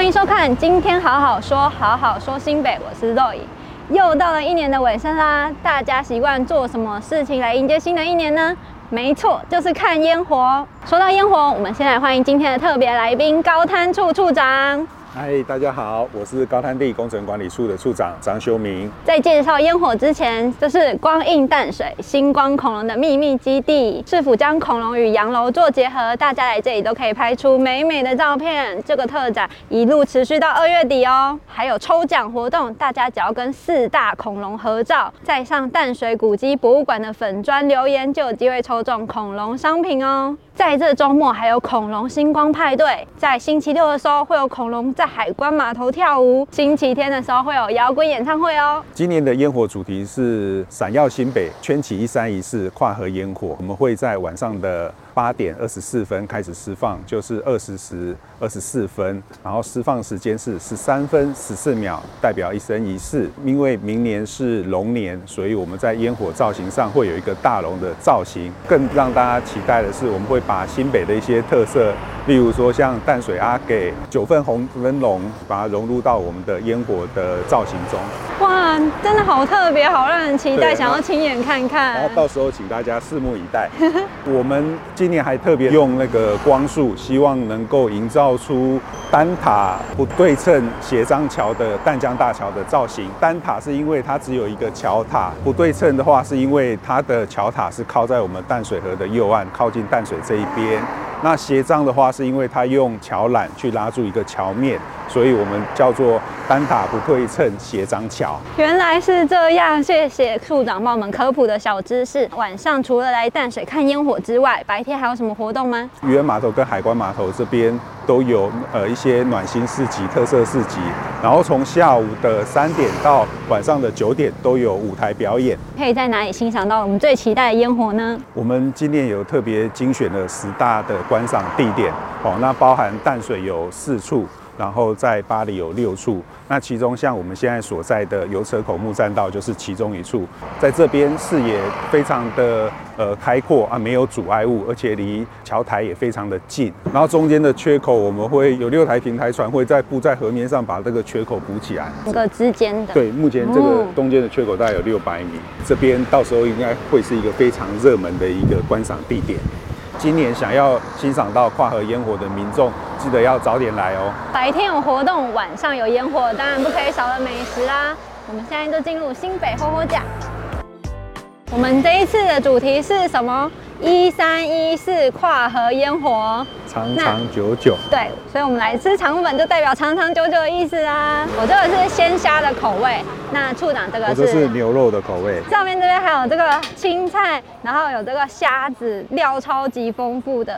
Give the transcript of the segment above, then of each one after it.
歡迎收看，今天好好說，好好說新北，我是 Roy。又到了一年的尾聲啦，大家習慣做什麼事情來迎接新的一年呢？沒錯，就是看煙火。說到煙火，我們先來歡迎今天的特別來賓——高灘處處長。嗨，Hi, 大家好，我是高灘地工程管理處的處長張修明。在介紹煙火之前，這是光影淡水星光恐龍的秘密基地，市府將恐龍與洋樓做結合，大家來這裡都可以拍出美美的照片。這個特展一路持續到二月底哦，還有抽獎活動，大家只要跟四大恐龍合照，再上淡水古蹟博物館的粉專留言，就有機會抽中恐龍商品哦。在這周末還有恐龍星光派對，在星期六的時候會有恐龍在海關碼頭跳舞，星期天的時候會有搖滾演唱會哦、喔。今年的煙火主題是“閃耀新北”，圈起一三一四跨河煙火，我們會在晚上的，八點二十四分開始施放，就是二十時二十四分，然後施放時間是十三分十四秒，代表一生一世。因為明年是龍年，所以我們在煙火造型上會有一個大龍的造型。更讓大家期待的是，我們會把新北的一些特色，例如說像淡水阿給、九份紅燈籠，把它融入到我們的煙火的造型中。哇，真的好特別，好讓人期待，啊、想要親眼看看。然後到時候請大家拭目以待。 我們。今年還特別用那個光束，希望能夠營造出單塔不對稱斜張橋的淡江大橋的造型。單塔是因為它只有一個橋塔，不對稱的話是因為它的橋塔是靠在我們淡水河的右岸，靠近淡水這一邊。那斜張的話，是因為它用橋纜去拉住一個橋面，所以我們叫做單塔不對稱斜張橋。原來是這樣，謝謝處長幫我們科普的小知識。晚上除了來淡水看煙火之外，白天還有什麼活動嗎？漁人碼頭跟海關碼頭這邊。都有呃，一些暖心市集、特色市集，然後從下午的三點到晚上的九點都有舞台表演。可以在哪裡欣賞到我們最期待的煙火呢？我們今年有特別精選了十大的觀賞地點，哦，那包含淡水有四處。然後在八里有六處，那其中像我們現在所在的油車口木棧道就是其中一處，在這邊視野非常的呃開闊啊，沒有阻礙物，而且離橋台也非常的近。然後中間的缺口，我們會有六台平台船會再鋪在河面上，把這個缺口補起來。這個之間的對，目前這個中間的缺口大概有六百米，嗯、這邊到時候應該會是一個非常熱門的一個觀賞地點。今年想要欣賞到跨河煙火的民眾，記得要早點來哦。白天有活動，晚上有煙火，當然不可以少了美食啦、啊。我們現在就進入新北厚厚呷。我們這一次的主題是什麼？一三一四跨河煙火。長長久久，對，所以我們來吃腸粉就代表長長久久的意思啊！我這個是鮮蝦的口味，那處長這個是牛肉的口味，上面這邊還有這個青菜，然後有這個蝦子，料超級豐富的，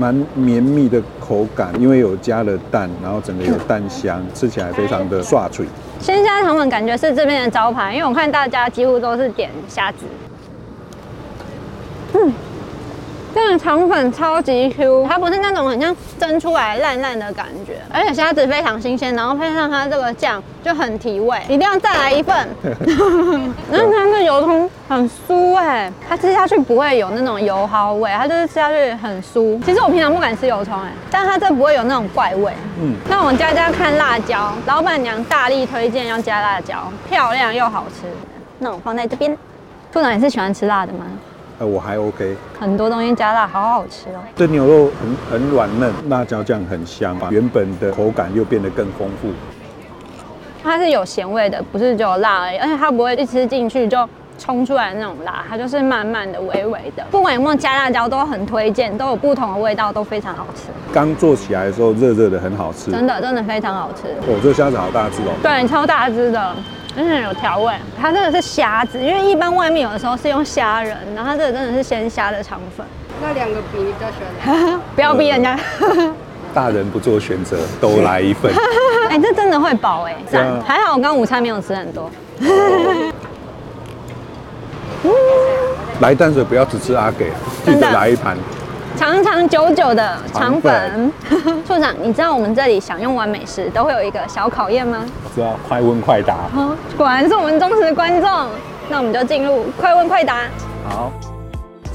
蠻綿密的口感，因為有加了蛋，然後整個有蛋香， 吃起來非常的爽脆。鮮蝦腸粉感覺是這邊的招牌，因為我看大家幾乎都是點蝦子。腸粉超級 Q，它不是那種很像蒸出來爛爛的感覺，而且蝦子非常新鮮，然後配上它這個醬就很提味，一定要再來一份。那它這個油蔥很酥哎、欸，它吃下去不會有那種油耗味，它就是吃下去很酥。其實我平常不敢吃油蔥哎，但它這不會有那種怪味。嗯，那我們加加看辣椒，老闆娘大力推薦要加辣椒，漂亮又好吃。嗯、那我放在這邊。團長你是喜歡吃辣的嗎？呃、啊，我還 OK，很多東西加辣，好好吃哦。這牛肉很很軟嫩，辣椒醬很香，把原本的口感又變得更豐富。它是有鹹味的，不是只有辣而已。而且它不會一吃進去就衝出來那種辣，它就是慢慢的、微微的。不管有沒有加辣椒，都很推薦，都有不同的味道，都非常好吃。剛做起來的時候熱熱的，很好吃，真的真的非常好吃。哦，這蝦子好大只哦，對，超大只的。真的有調味，它這個是蝦子，因為一般外面有的時候是用蝦仁，然後它這個真的是鮮蝦的腸粉。那兩個比你比較喜歡 不要逼人家。 大人不做選擇，都來一份。哎、 欸，這真的會飽哎、啊，還好我剛午餐沒有吃很多。 哦， 來淡水不要只吃阿給，的記得來一盤。長長久久的腸粉色， 處長，你知道我們這裡享用完美食都會有一個小考驗嗎？我知道，快問快答。哦，果然是我們忠實的觀眾，那我們就進入快問快答。好。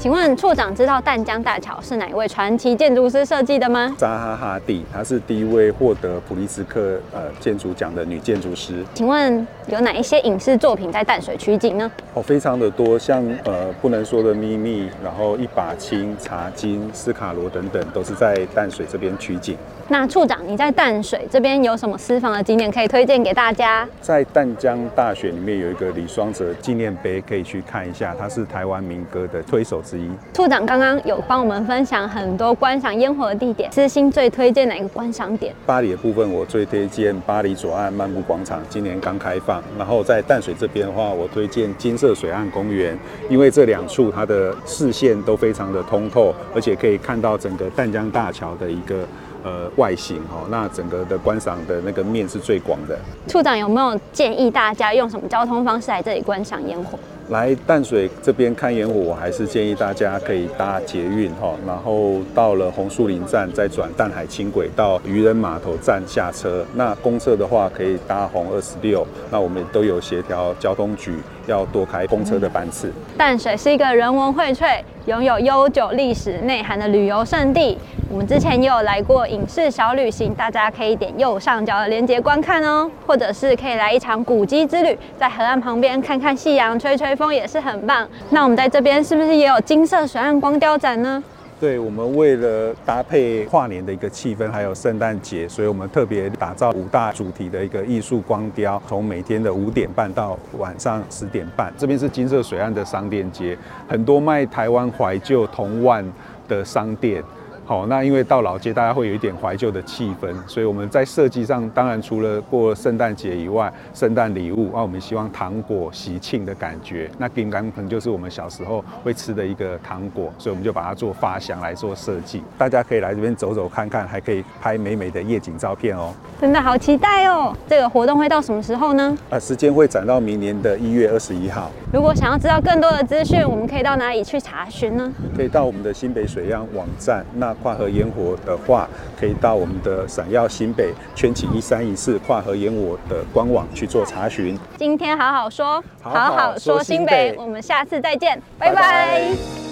請問處長，知道淡江大橋是哪一位傳奇建築師設計的嗎？扎哈哈蒂，她是第一位獲得普利茲克呃建築獎的女建築師。請問有哪一些影視作品在淡水取景呢？哦，非常的多，像呃不能說的秘密，然後一把青、茶金、斯卡羅等等，都是在淡水這邊取景。那處長，你在淡水這邊有什麼私房的景點可以推薦給大家？在淡江大學裡面有一個李雙澤紀念碑，可以去看一下，他是台灣民歌的推手。處長剛剛有幫我們分享很多觀賞煙火的地點，私心最推薦哪個觀賞點？八里的部分我最推薦八裡左岸漫步廣場，今年剛開放。然後在淡水這邊的話，我推薦金色水岸公園，因為這兩處它的視線都非常的通透，而且可以看到整個淡江大橋的一個呃外形哦。那整個的觀賞的那個面是最廣的。處長有沒有建議大家用什麼交通方式來這裡觀賞煙火？來淡水這邊看煙火，我還是建議大家可以搭捷運哈、哦，然後到了紅樹林站再轉淡海輕軌到漁人碼頭站下車。那公車的話可以搭紅二十六，那我們都有協調交通局要多開公車的班次、嗯。淡水是一個人文薈萃、擁有悠久歷史內涵的旅遊勝地。我們之前也有來過影視小旅行，大家可以點右上角的連結觀看哦，或者是可以來一場古蹟之旅，在河岸旁邊看看夕陽、吹吹風也是很棒。那我們在這邊是不是也有金色水岸光雕展呢？對，我們為了搭配跨年的一個氣氛，還有聖誕節，所以我們特別打造五大主題的一個藝術光雕，從每天的五點半到晚上十點半。這邊是金色水岸的商店街，很多賣臺灣懷舊童玩的商店。好，哦，那因為到老街大家會有一點懷舊的氣氛，所以我們在設計上當然除了過聖誕節以外，聖誕禮物啊，我們希望糖果喜慶的感覺，那餅乾可能就是我們小時候會吃的一個糖果，所以我們就把它做發想來做設計。大家可以來這邊走走看看，還可以拍美美的夜景照片哦。真的好期待哦，這個活動會到什麼時候呢？啊，時間會展到明年的一月二十一號。如果想要知道更多的資訊，我們可以到哪裡去查詢呢？可以到我們的新北水漾網站那。跨河煙火的話，可以到我們的閃耀新北圈起一三一四跨河煙火的官網去做查詢。今天好好說，好好說新北，好好說新北，我們下次再見，拜拜。Bye bye